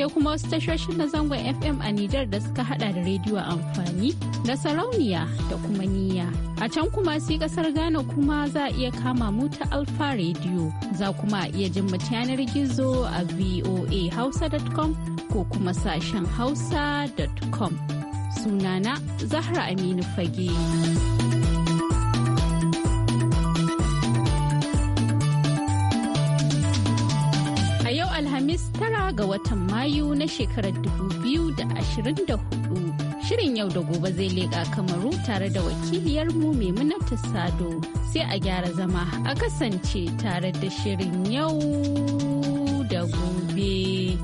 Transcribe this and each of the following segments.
sai kuma wasu tashoshin na zangon FM a Nijar da suka hada da rediyo a amfani da sarauniya da kuma niyya. A can kuma sai kasar Ghana kuma za a iya kama mu ta Alfa rediyo Za kuma iya jin mu yanar gizo a voahausa.com ko kuma sashen hausa.com. Sunana Zahra Aminu Fage. ga watan Mayu na shekarar 2024. Shirin yau da gobe zai leƙa kamaru tare da wakiliyarmu Maimunatu Sado sai a gyara zama a kasance tare da shirin yau da gobe.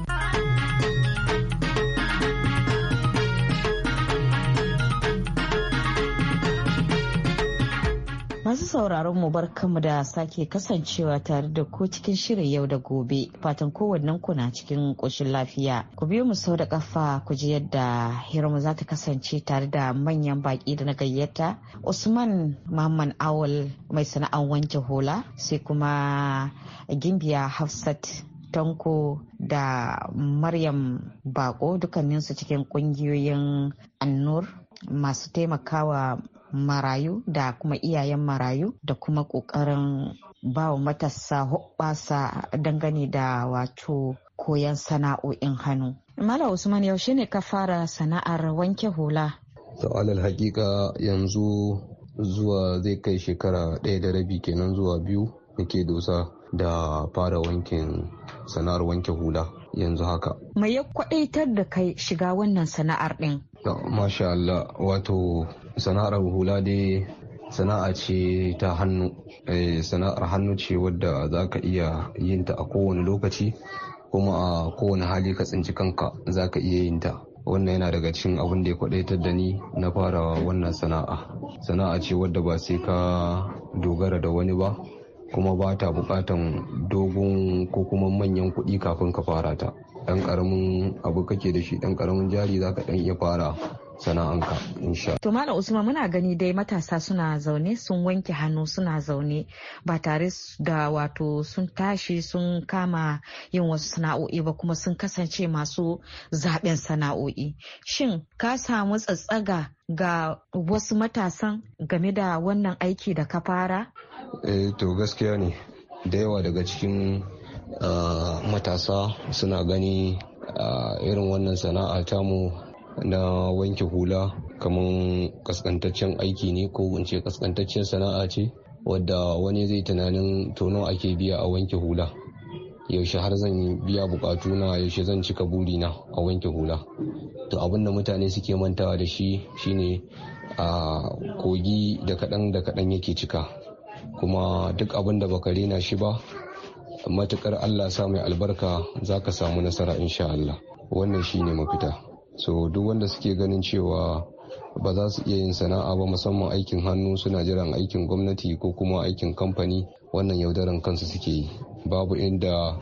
Masu sauraron mu kanmu da sake kasancewa tare da ku cikin shirin yau da gobe fatan kowannen ku na cikin ƙoshin lafiya. Ku biyo mu sau da kafa ku ji yadda hirmu za ta kasance tare da manyan baƙi da na gayyata Usman Muhammad Awal mai sana'an wanke hula sai kuma Gimbiya Hafsat Tanko da Maryam Bako dukkaninsu cikin kungiyoyin Annur masu taimakawa marayu da kuma iyayen marayu da kuma ƙoƙarin ba wa matasa hoɓɓasa dangane da wato koyan sana'o'in hannu. Mala Usman yaushe ne ka fara sana'ar wanke hula? To alal hakika yanzu zuwa zai kai shekara ɗaya da rabi kenan zuwa biyu nake dosa da fara wankin sana'ar wanke hula. yanzu haka. Mai ya kwaɗaitar da kai shiga wannan sana'ar ɗin? Masha Allah wato sana'ar hula dai sana'a ce ta hannu eh, sana'ar hannu ce wadda za ka iya yin ta a kowane lokaci kuma a kowane hali ka tsinci kanka za ka iya yin ta wannan yana daga cikin abin da ya kwaɗaitar da ni na fara wannan sana'a sana'a ce wadda ba sai ka dogara da wani ba kuma ba ta bukatan dogon ko kuma manyan kuɗi kafin ka fara ta ɗan ƙaramin abu kake da shi ɗan ƙaramin jari za ka ɗan iya fara sana'anka insha To Malam Usman muna gani dai matasa suna zaune sun wanke hannu suna zaune ba tare da wato sun tashi sun kama yin wasu sana'o'i ba kuma sun kasance masu zaben sana'o'i. Shin ka samu tsatsaga ga wasu matasan game da wannan aiki da ka fara? Eh, to gaskiya ne da yawa daga cikin matasa suna gani irin wannan sana'a tamu na wanke hula kamar kaskantaccen aiki ne ko in ce kaskantaccen sana'a ce wadda wani zai tunanin tono ake biya a wanke hula yaushe har zan biya bukatu na yaushe zan cika burina a wanke hula to abinda mutane suke mantawa da shi shine a kogi da kaɗan da kaɗan yake cika kuma duk abin da baka rena shi ba matukar Allah sa mai albarka za ka samu nasara insha Allah wannan ne mafita so duk wanda suke ganin cewa ba za su iya yin sana'a ba musamman aikin hannu suna jiran aikin gwamnati ko kuma aikin kamfani wannan yaudaran kansu suke yi babu inda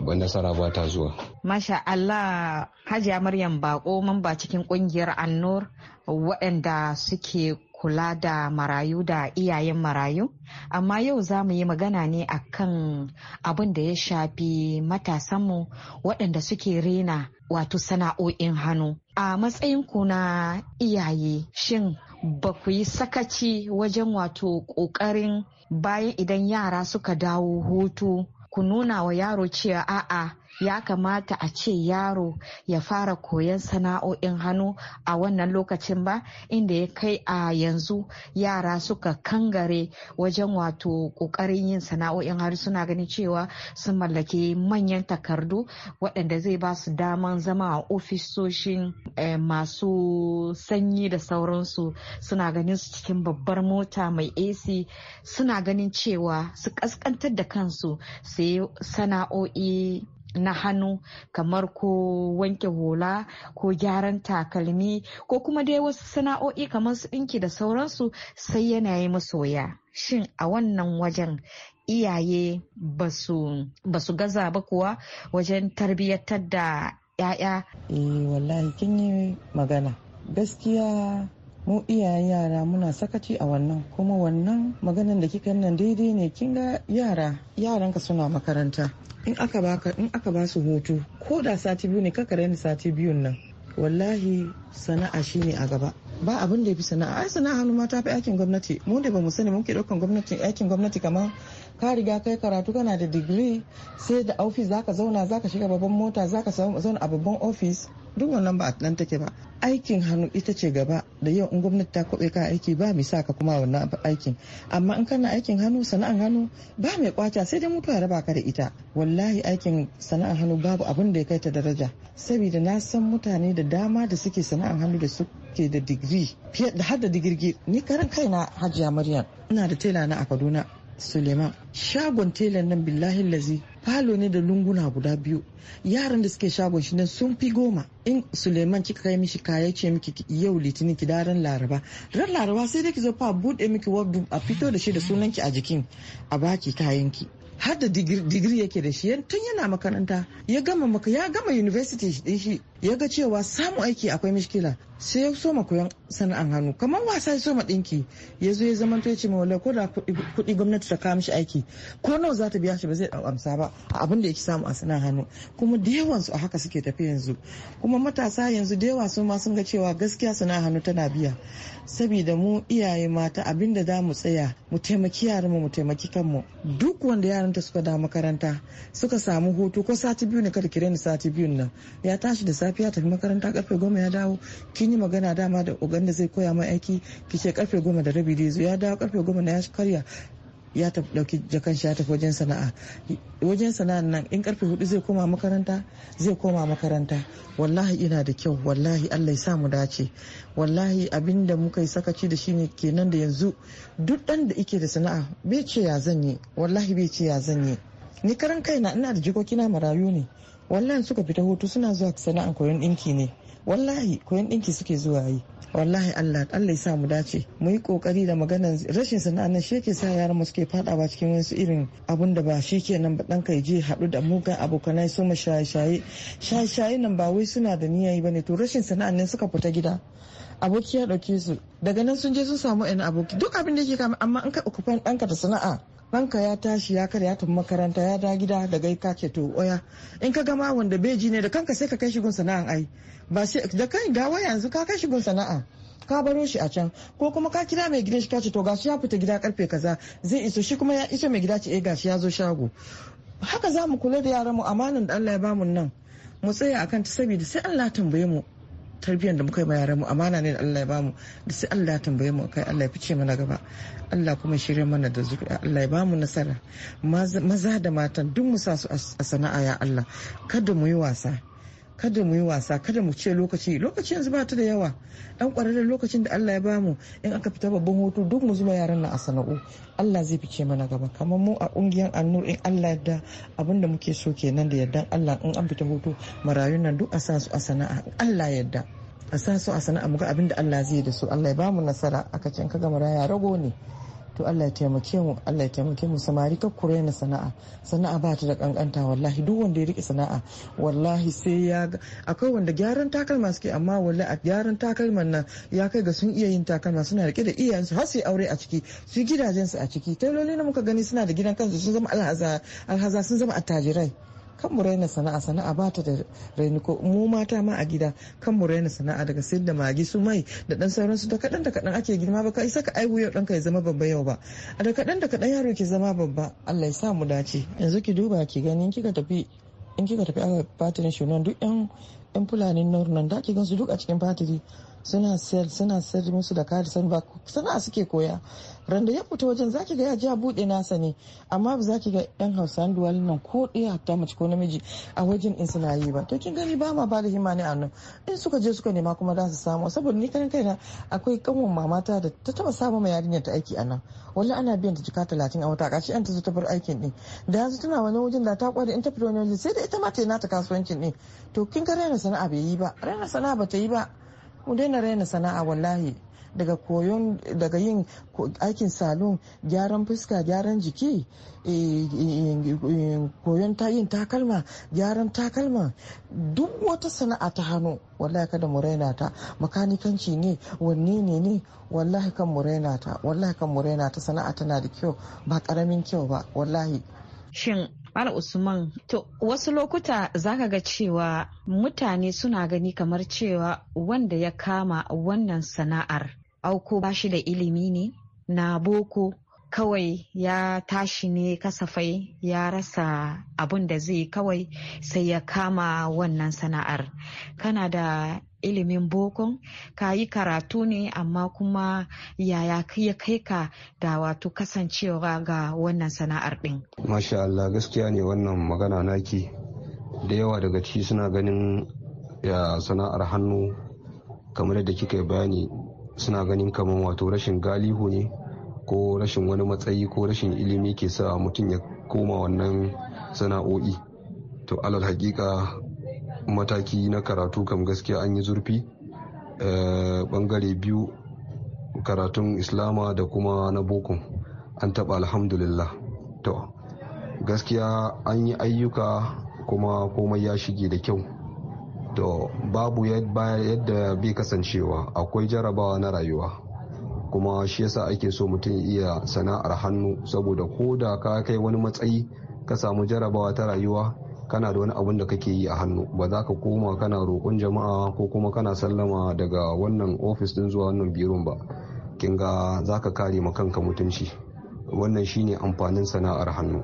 ba nasara ba ta zuwa. Masha Allah Hajiya Maryam Bako mamba cikin kungiyar annor waɗanda suke kula da marayu da iyayen marayu amma yau za mu yi magana ne a kan abin da ya shafi matasanmu waɗanda suke rena wato sana'o'in hannu a matsayin ku na iyaye shin ba ku yi sakaci wajen wato ƙoƙarin bayan idan yara suka dawo hutu ku nuna wa yaro cewa a'a ya kamata a ce yaro ya fara koyon sana'o'in hannu a wannan lokacin ba inda ya kai a yanzu yara suka kangare wajen wato kokarin yin sana'o'in hannu suna ganin cewa sun mallaki manyan takardu waɗanda zai ba su daman zama a ofisoshin eh, masu sanyi da sauransu suna ganin su cikin babbar mota mai ac suna ganin cewa su kaskantar da kansu sai sana'o'i na hannu kamar ko wanke hula ko gyaran takalmi ko kuma dai wasu sana'o'i kamar su ɗinki da sauransu sai yanayi yi shin a wannan wajen iyaye ba su gaza ba kuwa wajen tarbiyyatar da 'ya'ya? eh wallahi kin yi magana gaskiya mu iyayen yara muna sakaci a wannan kuma wannan maganan da kika nan daidai ne kin ga yara yaranka suna makaranta in aka baka in aka ba su hutu ko da sati biyu ne kaka ni sati biyun nan wallahi sana'a shine a gaba ba abin da ya fi sana'a ai sana'a hannu ma ta fi aikin gwamnati mu da bamu sani muke daukan gwamnati aikin gwamnati kamar ka riga kai karatu kana da digiri sai da ofis zaka zauna zaka shiga babban mota zaka zauna a babban ofis duk wannan ba a nan take ba aikin hannu ita ce gaba da yau in gwamnati ta kwabe ka aiki ba mai sa ka kuma wannan aikin amma in kana aikin hannu sana'ar hannu ba mai kwata sai dai mutuwa raba ka da ita wallahi aikin sana'ar hannu babu abin da ya kai ta daraja saboda na san mutane da dama da suke sana'ar hannu da suke da digiri fiye da har da digirgi ni karan kaina hajiya maryam ina da tela na a kaduna suleiman shagon telan nan billahi lazi falo ne da lunguna guda biyu yaran da suke shagon shi nan sun fi goma in suleiman kika kai mishi kaya ce miki yau litinin ki da ran laraba ran laraba sai dai ki zo fa bude miki wardu a fito da shi da sunan ki a jikin a baki kayan ki har da digiri yake da shi tun yana makaranta ya gama maka ya gama university din shi ya ga cewa samu aiki akwai mishkila sai ya soma koyon sana'an hannu kamar wasa ya soma dinki ya zo ya zama to ya ce mawalai ko da kuɗi gwamnati ta kawo mishi aiki ko nawa za ta biya shi ba zai amsa ba a abin da yake samu a sana'an hannu kuma da yawan su a haka suke tafi yanzu kuma matasa yanzu da yawa su ma sun ga cewa gaskiya sana'an hannu tana biya saboda mu iyaye mata abin da za mu tsaya mu taimaki yaran mu mu taimaki kanmu duk wanda yaran ta suka da makaranta suka samu hutu ko sati biyu ne kada ki ni sati biyun nan ya tashi da safiya tafi makaranta karfe goma ya dawo kin yi magana dama da ogan da zai koya mai aiki ki ce karfe goma da rabi da zo ya dawo karfe goma na ya karya ya tafi dauki jakan shi ya tafi wajen sana'a wajen sana'a nan in karfe hudu zai koma makaranta zai koma makaranta wallahi ina da kyau wallahi allah ya samu dace wallahi abin da muka yi sakaci da shi kenan da yanzu duk dan da ike da sana'a bai ce ya zan yi wallahi bai ce ya zan yi ni karan kaina ina da jikokina marayu ne wallahi suka fita hoto suna zuwa sana'an koyon dinki ne wallahi koyon dinki suke zuwa yi wallahi Allah Allah ya sa mu dace mu yi kokari da maganar rashin sana'a nan shi ke sa yaran mu suke fadawa cikin wasu irin abun da ba shi ke nan ba dan kai je haɗu da muga abokanai su shaye-shaye shaye-shaye nan ba wai suna da niyyayi ne to rashin sana'a nan suka fita gida aboki ya ɗauke su daga nan sun je sun samu yan aboki duk abin da yake kama amma an ka ɗauki ɗanka da sana'a ranka ya tashi ya kada ya tafi makaranta ya da gida daga ka ce to oya in ka gama wanda beji ne da kanka sai ka kai shigun sana'a ai ba sai da kai ga waya yanzu ka kai shigun sana'a ka baro shi a can ko kuma ka kira mai gidan shi ka ce to gashi ya fita gida karfe kaza zai iso shi kuma ya iso mai gida ce eh gashi ya zo shago haka za mu kula da yaran mu amanan da Allah ya bamu nan mu tsaya akan ta saboda sai Allah tambaye mu tarbiyyar da muka yi ma yaran mu amana ne da Allah ya bamu da sai Allah ya tambaye mu kai Allah ya fice mana gaba Allah kuma shirya mana da zuri Allah ya bamu nasara maza da matan duk mu sa su a sana'a ya Allah kada mu yi wasa kada mu yi wasa kada mu ce lokaci lokaci yanzu ba ta da yawa dan kwararren lokacin da Allah ya bamu in aka fita babban hoto duk mu zuba yaran na a sana'u Allah zai fice mana gaba kamar mu a kungiyar annur in Allah ya da abin da muke so kenan da yardan Allah in an fita hoto marayun nan duk a sa su a sana'a Allah da a sa su a sana'a abin da Allah zai da su Allah ya bamu nasara aka can kaga maraya rago ne to Allah ya taimake mu Allah ya taimake mu samari ka kure na sana'a sana'a ba ta da kankanta wallahi duk wanda ya rike sana'a wallahi sai ya akwai wanda gyaran takalma suke amma wallahi a gyaran takalman nan ya kai ga sun iya yin takalma suna rike da iyayensu har su aure a ciki su gidajensu a ciki tailoli na muka gani suna da gidan kansu sun zama alhaza alhaza sun zama attajirai kan mu raina sana'a sana'a ba ta da rainiko mu mata ma a gida kan mu raina sana'a daga sayar da magi su mai da dan sauransu da kadan da kadan ake girma ba kai isa ka aiwu yau danka ya zama babba yau ba a da kadan da kadan yaro ki zama babba Allah ya sa mu dace yanzu ki duba ki gani kika tafi in kika tafi aka shi nan duk yan yan fulanin nan da ki su duk a cikin fatiri suna sayar suna sayar musu da kari ba sana suke koya randa ya fita wajen zaki ga ya ji buɗe nasa ne amma ba zaki ga yan hausa duwalin nan ko ɗaya hatta mace ko namiji a wajen in suna yi ba to kin gani ba ma ba da hima ne a nan in suka je suka nema kuma za su samu saboda ni kan kaina akwai kanwan mamata da ta taba samu ma yarinyar ta aiki a nan wala ana biyan ta jika talatin a wata kashi an ta zo ta bar aikin ɗin da yanzu tana wani wajen da ta kware in ta fita wani wajen sai da ita ma ta yi nata kasuwancin ɗin to kin ga raina sana'a bai yi ba raina sana'a ba ta yi ba mu daina raina sana'a wallahi daga koyon daga yin aikin salon gyaran fuska gyaran jiki eh, eh, eh, koyon yin takalma gyaran takalma duk wata sana'a ta hannu wallahi kada mu raina ta makanikanci ne wanne ne ne wallahi kan mu raina ta wallahi kan mu raina ta sana'a tana da kyau ba karamin kyau ba wallahi shin Mala Usman, to wasu lokuta zaka ga cewa mutane suna gani kamar cewa wanda ya kama wannan sana'ar auko ba shi da ilimi ne na boko kawai ya tashi ne kasafai ya rasa abun da zai kawai sai ya kama wannan sana'ar kana da ilimin bokon ka yi karatu ne amma kuma yaya ya kai ka da wato kasancewa ga wannan sana'ar ɗin. Masha Allah gaskiya ne wannan magana naki da yawa daga ci suna ganin ya sana'ar hannu kamar da kika bayani suna ganin kamar wato rashin galihu ne ko rashin wani matsayi ko rashin ilimi ke sa mutum ya koma wannan sana'o'i to alal hakika mataki na karatu kam gaskiya an yi zurfi eh, bangare biyu karatun islama da kuma na boko an taɓa alhamdulillah to gaskiya an yi ayyuka kuma komai ya shige da kyau to babu yadda bai kasancewa akwai jarabawa na rayuwa kuma shi yasa ake so mutum iya sana'ar hannu saboda ko da ka kai wani matsayi ka samu jarabawa ta rayuwa kana da wani abun da kake yi a hannu ba za ka koma kana roƙon jama'a ko kuma kana sallama daga wannan ofis din zuwa wannan biron ba kin ga za ka kare ma kanka mutunci wannan shine amfanin sana'ar hannu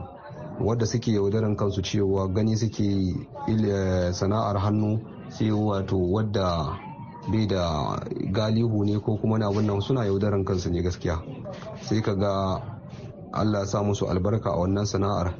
wadda suke yaudaran kansu cewa gani suke eh, sana'ar hannu sai wato wadda bai da galihu ne ko kuma na wannan suna yaudaran kansu ne gaskiya sai ka ga allah sa musu albarka a wannan sana'ar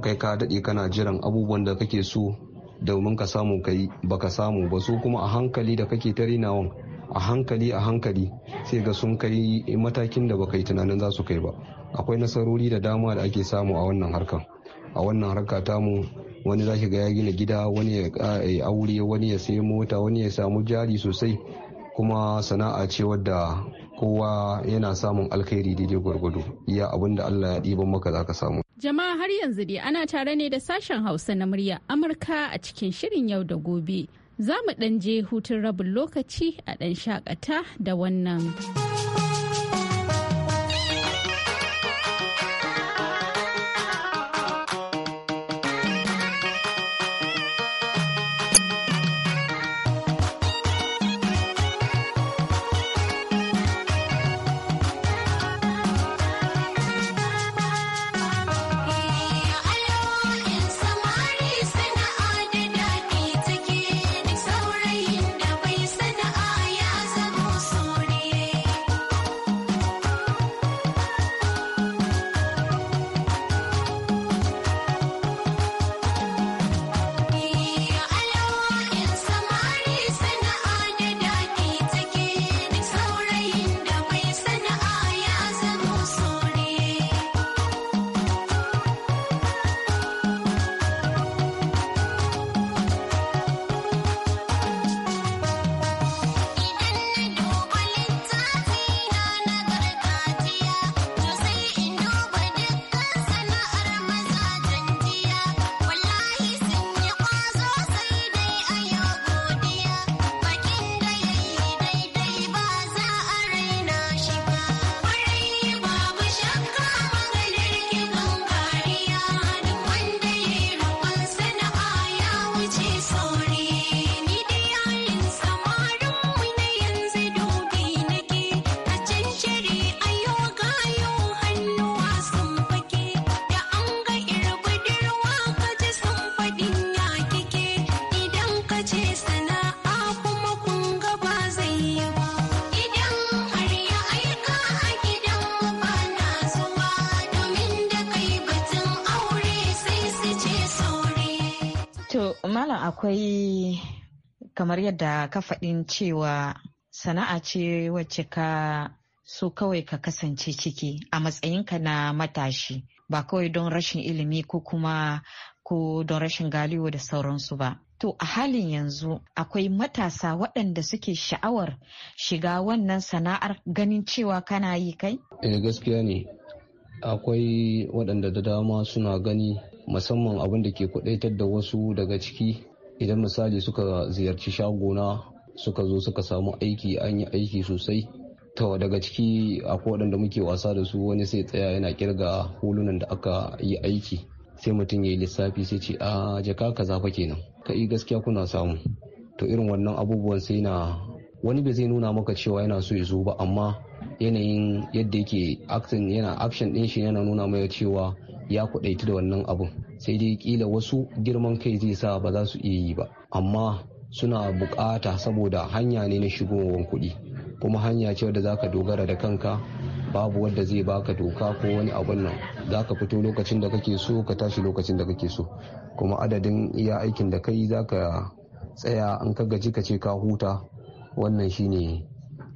kai ka daɗe kana jiran abubuwan da kake so domin ka samu kai baka samu ba su kuma a hankali da kake ta rinawan a hankali a hankali sai ga sun kai matakin da baka yi tunanin za su kai ba akwai nasarori da dama da ake samu a wannan harkar a wannan harka tamu wani za ga ya gina gida wani ya aure wani ya sayi mota wani ya samu jari sosai kuma sana'a ce wadda kowa yana samun alkhairi daidai gwargwado iya abin da allah ya ɗiban maka za ka samu Jama'a har yanzu dai ana tare ne da sashen Hausa na murya Amurka a cikin shirin yau da gobe. Za mu ɗan je hutun rabin lokaci a ɗan shakata da wannan. malam akwai kamar yadda ka faɗin cewa sana'a ce wacce ka so kawai ka kasance ciki a matsayinka na matashi ba kawai don rashin ilimi ko kuma ko don rashin galiwo da sauransu ba. To a halin yanzu akwai matasa waɗanda suke sha'awar shiga wannan sana'ar ganin cewa kana yi kai? Eh gaskiya ne akwai waɗanda da dama suna gani musamman abin da ke kudaitar da wasu daga ciki idan misali suka ziyarci shagona suka zo suka samu aiki an yi aiki sosai ta daga ciki akwai waɗanda muke wasa da su wani sai tsaya yana kirga hulunan da aka yi aiki sai mutum ya yi lissafi sai ce a ah, jaka kaza zafa kenan yi gaskiya kuna samu to irin wannan abubuwan sai na wani bai zai nuna maka cewa yana so ya zo ba amma yanayin yadda yake action yana din shi yana nuna mai cewa ya kudaita da wannan abun sai dai kila wasu girman kai zai sa ba za su iya yi ba amma suna bukata saboda hanya ne na shigowar kuɗi kuma hanya ce wadda zaka dogara da kanka babu wadda zai baka doka ko wani abun nan za ka fito lokacin da kake so ka tashi lokacin da kake so kuma adadin iya aikin da kai za ka tsaya an ka gaji ka ce ka huta wannan shine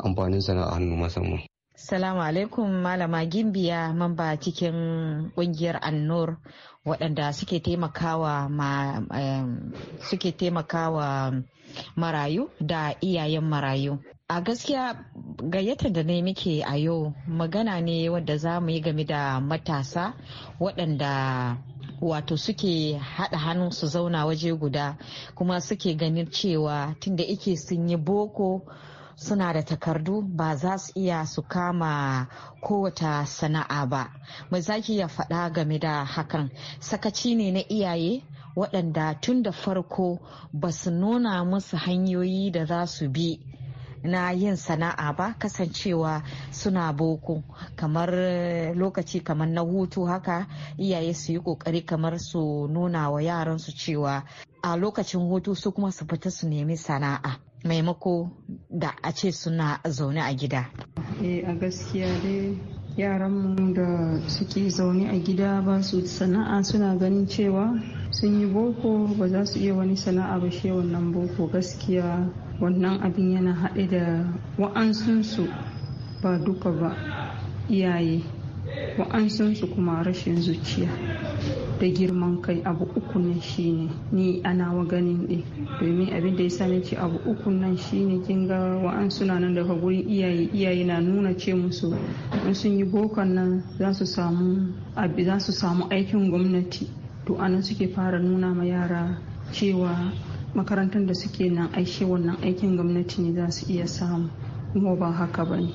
amfanin sana'a hannu musamman Salamu alaikum Malama Gimbiya mamba cikin kungiyar Annur waɗanda suke taimakawa ma, suke taimakawa marayu da iyayen marayu. A gaskiya gayyatar da na muke a yau magana ne wadda za mu yi game da matasa waɗanda wato suke haɗa hannu su zauna waje guda kuma suke ganin cewa tunda ike sun yi boko suna da takardu ba za su iya su kama kowata sana'a ba mai zaki ya faɗa game da hakan sakaci ne na iyaye waɗanda tun da farko ba su nuna musu hanyoyi da za su bi na yin sana'a ba kasancewa suna boko kamar eh, lokaci kamar na hutu haka iyaye su yi kokari kamar su nuna wa yaran su cewa a lokacin hutu su kuma su fita su nemi sana'a maimako da a ce suna zaune a gida. Eh a gaskiya dai yaran mu da suke zaune a gida ba su sana'a suna ganin cewa sun yi boko ba za su iya wani sana'a ba shi wannan boko gaskiya wannan abin yana haɗe da wa'ansunsu ba duka ba iyaye wa'ansunsu kuma rashin zuciya da girman kai abu uku nan shine ni ana ganin ɗin domin abin da ya sani ce abu uku nan shine kin ga wa'an suna nan daga gurin iyaye iyaye na nuna ce musu in sun yi bokan nan za su samu aikin gwamnati to anan suke fara nuna ma yara cewa makarantar da suke nan aishe wannan aikin gwamnati ne za su iya samu kuma ba haka ba ne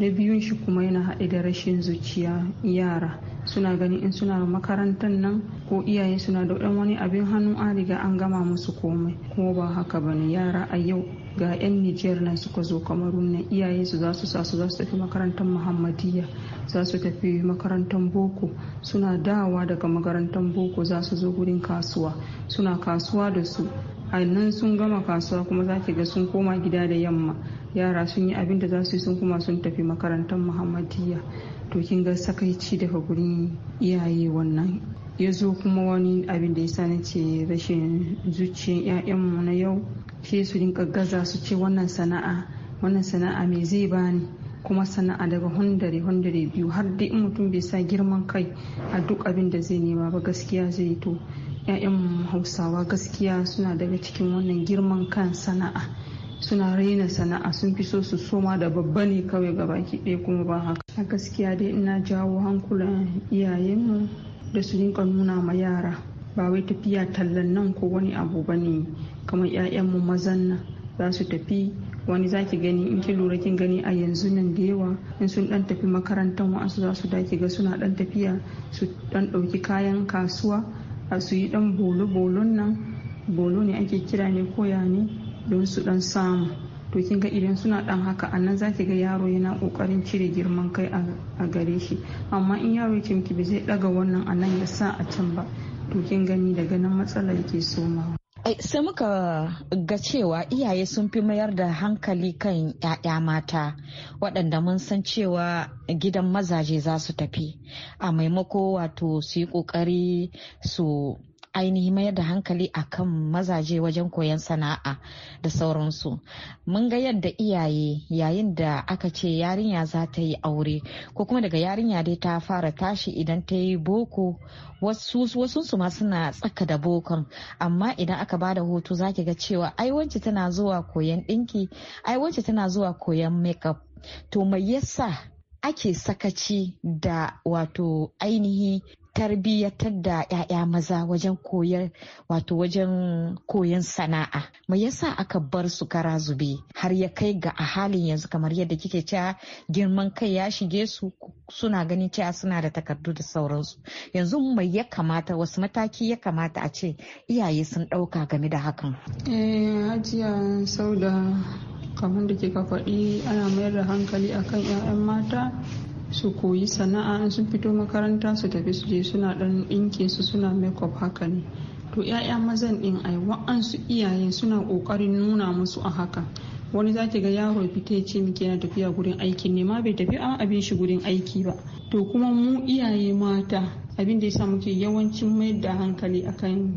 na biyun shi kuma yana haɗe da rashin zuciya yara suna gani in suna makarantar nan ko iyaye suna da ɗan wani abin hannu an riga an gama musu komai kuma ba haka ba ne yara a yau ga 'yan nijiyar nan suka zo kamarun nan iyaye su za su sa su za su tafi makarantar muhammadiyya za su tafi makarantar boko suna dawa daga makarantar boko za su zo gurin kasuwa suna kasuwa da su a nan sun gama kasuwa kuma za ki ga sun koma gida da yamma yara sun yi abin da za su yi sun kuma sun tafi makarantar muhammadiyya to kin ga sakaici daga gurin iyaye wannan ya zo kuma wani abin da ya sani ce rashin zuciyar 'ya'yanmu na yau shi su rinka gaza su ce wannan sana'a wannan sana'a mai zai bani kuma sana'a daga hundare hundare biyu har dai in mutum bai sa girman kai a duk abin da zai nema ba gaskiya zai to 'ya'yan hausawa gaskiya suna daga cikin wannan girman kan sana'a suna raina sana'a sun fi so su soma da babba ne kawai ga baki ɗaya kuma ba haka a gaskiya dai ina jawo hankulan iyayenmu da su rinka nuna ma yara ba wai tafiya tallan nan ko wani abu ba ne kamar 'ya'yanmu mazan nan za su tafi wani zaki gani in ki lura kin gani a yanzu nan da yawa in sun dan tafi makarantar wa'ansu za su daki ga suna dan tafiya su dan dauki kayan kasuwa a su yi dan bolo-bolon nan bolo ne ake kira ne koya ne don su dan samu to kin ga idan suna dan haka a nan ki ga yaro yana kokarin cire girman kai a gare shi amma in yaro ya ce bai zai daga wannan a nan ya sa a can ba to kin gani daga nan matsalar ke somawa sai muka ga cewa iyaye sun fi mayar da hankali kan 'ya'ya mata waɗanda mun san cewa gidan mazaje za su tafi a maimako wato su yi ƙoƙari su ainihi mayar da hankali a kan mazaje wajen koyon sana'a da sauransu mun ga yadda iyaye yayin da aka ce yarinya za ta yi aure ko kuma daga yarinya dai ta fara tashi idan ta yi boko wasu su ma suna tsaka da bokon amma idan aka ba da hoto zaki ga cewa ai tana zuwa koyon ɗinki ai tana zuwa koyon makeup to mai yasa ake sakaci da wato ainihi tarbiyyatar da 'ya'ya maza wajen koyar wato wajen koyon sana'a mai yasa aka bar su kara zube har ya kai ga a halin yanzu kamar yadda kike cewa girman kai ya shige su suna ganin cewa suna da takardu da sauransu yanzu mai ya kamata wasu mataki ya kamata a ce iyaye sun ɗauka game da hakan eh, kamar da kika faɗi ana mayar da hankali akan 'ya'yan mata su koyi sana'a in sun fito makaranta su tafi su je suna dan ɗinke su suna makeup haka ne to 'ya'ya mazan ɗin ai wa'ansu iyayen suna ƙoƙarin nuna musu a haka wani zaki ga yaro fita ya ce muke yana tafiya gurin aiki ne ma bai tafi an abin shi gurin aiki ba to kuma mu iyaye mata abin da yasa muke yawancin mayar da hankali akan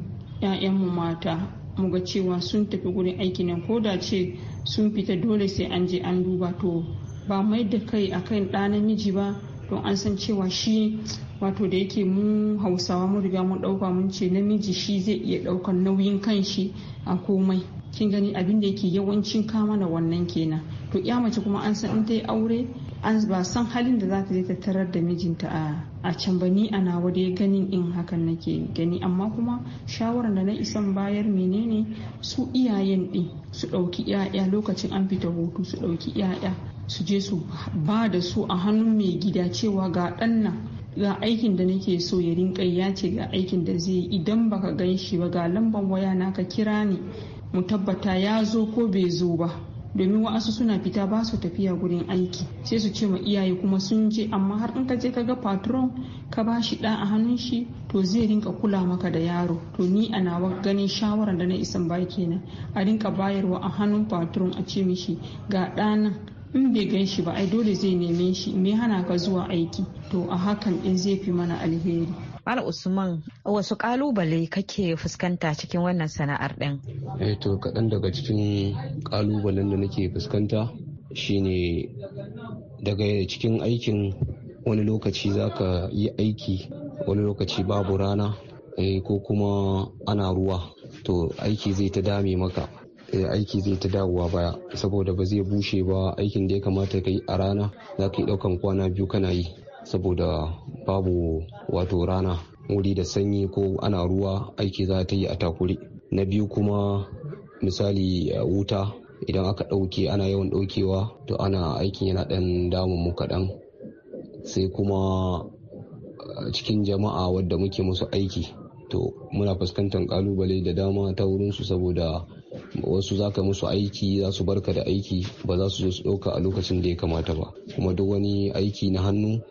mu mata mu ga cewa sun tafi gurin aiki ne ko da ce sun fita dole sai an je an duba to ba mai da kai akan ɗa namiji ba don an san cewa shi wato da yake mu hausawa mun riga mun ɗauka mun ce namiji shi zai iya ɗaukan nauyin kan shi a komai kin gani abin da yake yawancin kama na wannan kenan to ya mace kuma an san in ta yi aure an ba san halin da za ta je ta tarar da mijinta a can ba ni a nawa dai ganin in hakan nake gani amma kuma shawaran da na isan bayar menene su iyayen din su ɗauki 'ya'ya lokacin an fita hutu su ɗauki 'ya'ya su je su ba da su a hannun mai gida cewa ga ɗan nan ga aikin da nake so ya rinka ya ce ga aikin da zai yi idan baka gan shi ba ga lamban waya na ka kira ni mu tabbata ya zo ko bai zo ba domin wasu suna fita ba su tafiya gurin aiki sai su ce ma iyaye kuma sun je amma har in ka je ka ga patron ka ba shi ɗa a hannun shi to zai rinka kula maka da yaro to ni ana nawa ganin shawaran da na isan ba kenan a rinka bayarwa a hannun patron a ce mishi ga ɗanan in bai gan shi ba ai dole zai neme shi me hana ka zuwa aiki to a hakan din zai fi mana alheri Mal Usman wasu kalubale kake fuskanta cikin wannan sana'ar ɗin? Eh to kaɗan daga cikin kalubalen da nake fuskanta shine daga cikin aikin wani lokaci zaka yi aiki wani lokaci babu rana eh, ko kuma ana ruwa to aiki zai ta dame maka Eh, aiki zai ta dawowa baya saboda ba zai bushe ba aikin da ya kamata ka yi a rana za ka yi ɗaukan kwana biyu kana yi saboda babu wato rana wuri da sanyi ko ana ruwa aiki za ta yi a takuri na biyu kuma misali eh, wuta idan aka ɗauke ana yawan ɗaukewa to ana aikin yana ɗan damun mu kaɗan sai kuma eh, cikin jama'a wadda muke musu aiki to muna fuskantar kalubale da dama ta wurinsu saboda wasu za ka musu aiki za su barka da aiki ba za su zo su ɗauka a lokacin da ya kamata ba kuma duk wani aiki na hannu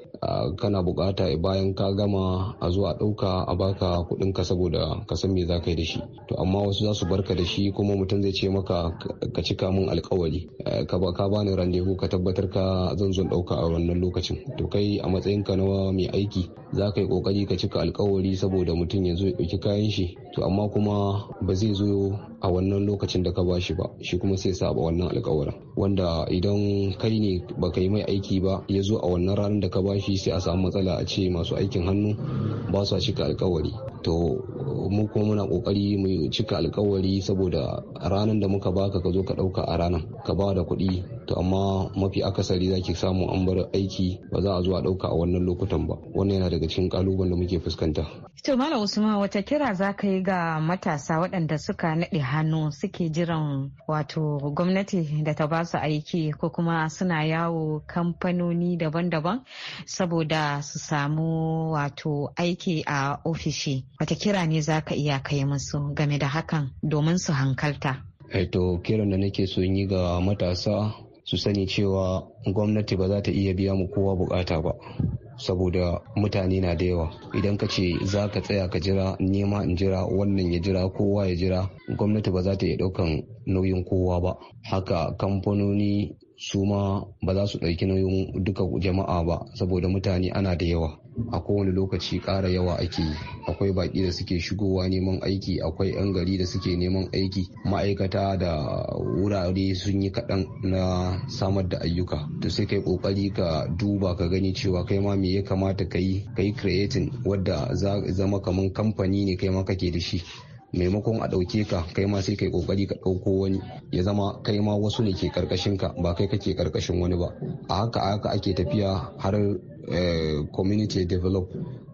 kana bukata bayan ka gama a zuwa ɗauka a baka kuɗin ka saboda ka san me za ka yi da shi to amma wasu za su barka da shi kuma mutum zai ce maka ka cika min alkawari eh, ka ba ka bani ka tabbatar ka zan zo ɗauka a wannan lokacin to kai a matsayin ka na mai aiki za ka yi kokari ka cika alkawari saboda mutum ya zo ya ɗauki kayan shi to amma kuma ba zai zo a wannan lokacin da ka ba shi ba shi kuma sai ba wannan alkawarin wanda idan kai ne baka yi mai aiki ba ya zo a wannan ranar da ka bashi lokaci sai a samu matsala a ce masu aikin hannu ba su cika alkawari to mu kuma muna kokari mu cika alkawari saboda ranar da muka baka ka zo ka dauka a ranar ka ba da kuɗi to amma mafi akasari zaki samu an bar aiki ba za a zo a dauka a wannan lokutan ba wannan yana daga cikin kalubalen da muke fuskanta to malam usman wata kira za ka yi ga matasa waɗanda suka naɗe hannu suke jiran wato gwamnati da ta ba su aiki ko kuma suna yawo kamfanoni daban-daban saboda su samu wato aiki a ofishi wata kira ne za ka iya kai musu game da hakan domin su hankalta eh to kiran da nake so yi ga matasa su sani cewa gwamnati ba za ta iya biya mu kowa bukata ba saboda mutane na da yawa idan ka ce za ka tsaya ka jira nema in jira wannan ya jira kowa ya jira gwamnati ba za ta iya daukan nauyin kowa ba haka kamfanoni su ma ba za su ɗauki nauyin duka jama'a ba saboda mutane ana da yawa a kowane lokaci ƙara yawa ake yi akwai baƙi da suke shigowa neman aiki akwai 'yan gari da suke neman aiki ma'aikata da wurare sun yi kaɗan na samar da ayyuka to sai kai ƙoƙari ka duba ka gani cewa kai ma me ya kamata ka yi ka yi creating wadda zama kamar kamfani ne kai ma kake da shi maimakon a ɗauke ka kai ma sai kai ƙoƙari ka ɗauko wani ya zama kai ma wasu ne ke ƙarƙashin ka ba kai kake ƙarƙashin wani ba a haka a haka ake tafiya har eh, community develop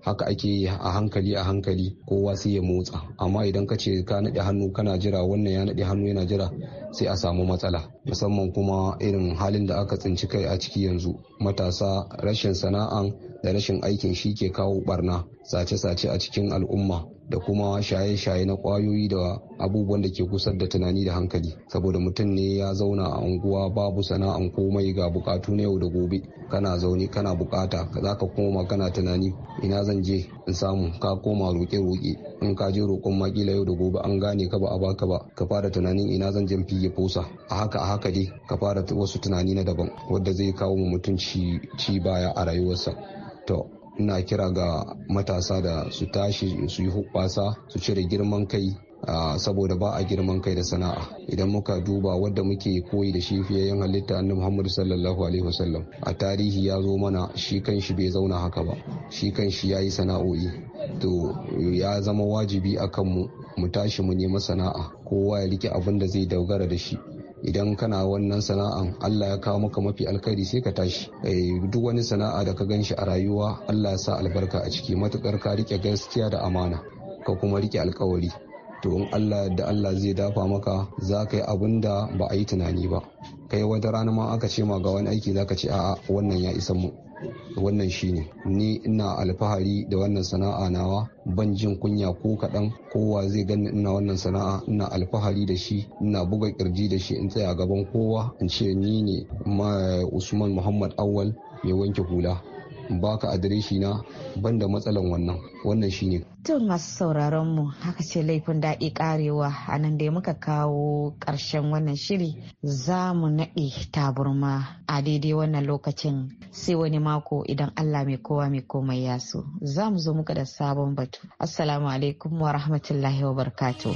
haka ake yi a hankali a hankali kowa sai ya motsa amma idan ka ce ka naɗe hannu kana jira wannan ya naɗe hannu yana jira sai a samu matsala musamman kuma irin halin da aka tsinci kai a ciki yanzu matasa rashin sana'an da rashin aikin shi ke kawo barna sace-sace a cikin al'umma da kuma shaye-shaye na kwayoyi da abubuwan da ke kusa da tunani da hankali saboda mutum ne ya zauna a unguwa babu sana'an komai ga bukatu na yau da gobe kana zaune kana bukata za ka koma kana tunani ina zan zan je in samu ka koma roƙe roƙe in ka je roƙon makila yau da gobe an gane ka ba a baka ba ka fara tunanin ina zan jan fiye fosa a haka a haka dai ka fara wasu tunani na daban wadda zai kawo mu mutunci ci baya a rayuwarsa to ina kira ga matasa da su tashi su yi hubbasa su cire girman kai Ah, saboda ba a girman kai da sana'a idan muka duba wadda muke koyi da shi fiye yin halitta annabi muhammadu sallallahu alaihi wasallam a tarihi ya zo mana shi kan shi bai zauna haka ba shi kan shi ya yi sana'o'i to ya zama wajibi a kanmu mu tashi mu nema sana'a kowa ya rike abin da zai dogara da shi idan kana wannan sana'an Allah ya kawo maka mafi alkhairi sai ka tashi eh, duk wani sana'a da ka gan shi a rayuwa Allah ya sa albarka a ciki matukar ka rike gaskiya da amana ka kuma rike alkawari to in Allah da Allah zai dafa maka za ka yi abin da ba a yi tunani ba kai wata rana ma aka ce ma ga wani aiki za ka ce a'a wannan ya isa mu wannan shine ni ina alfahari da wannan sana'a nawa ban jin kunya ko kaɗan kowa zai gani ina wannan sana'a ina alfahari da shi ina buga kirji da shi in tsaya gaban kowa in ce ni ne usman muhammad awal mai wanke hula baka adireshi na banda matsalan wannan wannan shine tun masu sauraron mu haka ce laifin daɗi karewa a nan da muka kawo ƙarshen wannan shiri za mu naɗe taburma a daidai wannan lokacin sai wani mako idan Allah mai kowa mai komai ya so za mu zo muka da sabon batu assalamu alaikum wa rahmatullahi wa barkatu.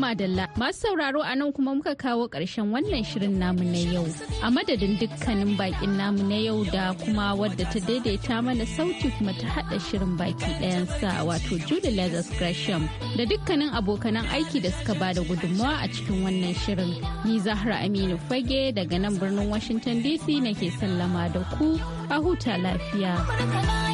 madalla masu sauraro a nan kuma muka kawo ƙarshen wannan shirin namu na yau. A madadin dukkanin bakin namu na yau da kuma wadda ta daidaita mana sauti kuma ta haɗa shirin baki ɗayansa wato Julie Lazarus Gresham da dukkanin abokanan aiki da suka bada gudunmawa a cikin wannan shirin. Ni Zahra Aminu Fage daga nan birnin Washington DC nake sallama da ku a huta lafiya.